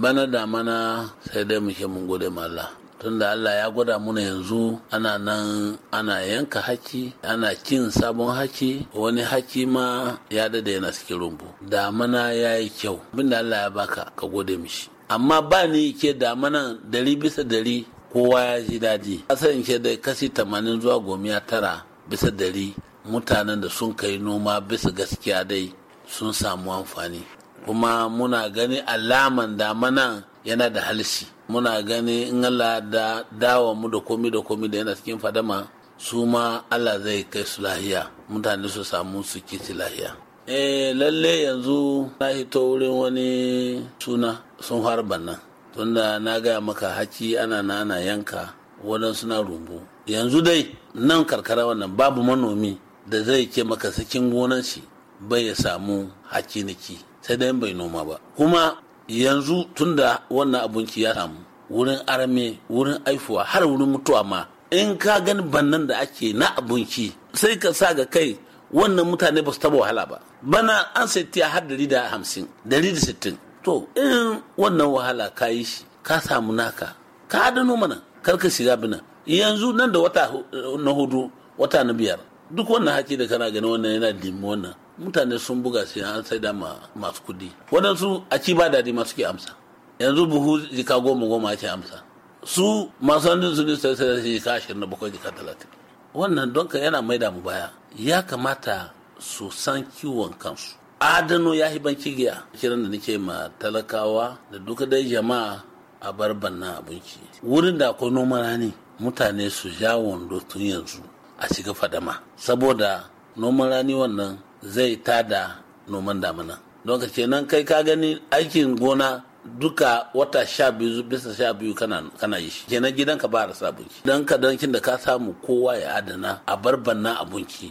bana da mana sai dai muke mun gode ma Allah tunda Allah ya gwada muna yanzu ana nan ana yanka haki ana cin sabon haki wani haki ma ya dade yana cikin rumbu damana ya yi kyau abinda Allah ya baka ka gode mishi amma ba ni ke damanan dari bisa dari kowa ya ji daji asalin ke da kasi tamanin zuwa gomiya tara bisa dari mutanen da sun kai noma bisa gaskiya dai sun samu amfani kuma muna gani alaman damanan yana da halshi muna gani in Allah da dawa mu da komi da komi da yana cikin fadama su ma Allah zai kai su lahiya mutane su samu su kici lahiya eh lalle yanzu na hito wurin wani suna sun harba nan tunda na gaya maka haki ana na yanka wannan suna rumbu yanzu dai nan karkara wannan babu manomi da zai ke maka sakin gonan shi bai ya samu hakiniki sai dai bai noma ba kuma yanzu tunda wannan abinci ya samu wurin arame wurin aifuwa har wurin mutuwa ma in ka gani bannan da ake na abinci sai ka sa ga kai wannan mutane ba su taba wahala ba bana an sai tiya har dari da hamsin dari da sittin to in wannan wahala ka yi shi ka samu naka ka adano mana kar ka shiga bina yanzu nan da wata na hudu wata na biyar duk wannan haƙi da kana gani wannan yana dimi wannan mutane sun buga sai an sai da masu kudi waɗansu a ci ba daɗi masu ke amsa yanzu buhu jika goma goma ake amsa su masu hannun su ne sai sai da jika ashirin da bakwai jika talatin wannan don ka yana maida mu baya ya kamata su san kiwon kansu adano ya banki kigiya kiran da nake ma talakawa da duka dai jama'a a bar banna abinci wurin da akwai noman rani mutane su ja wando tun yanzu a shiga fadama saboda noman rani wannan zai tada noman damina don ka kenan kai ka gani aikin gona duka wata sha biyu bisa sha biyu kana, yi shi kenan gidanka ba rasa abinci dan ka dankin da ka samu kowa ya adana a barbanna abinci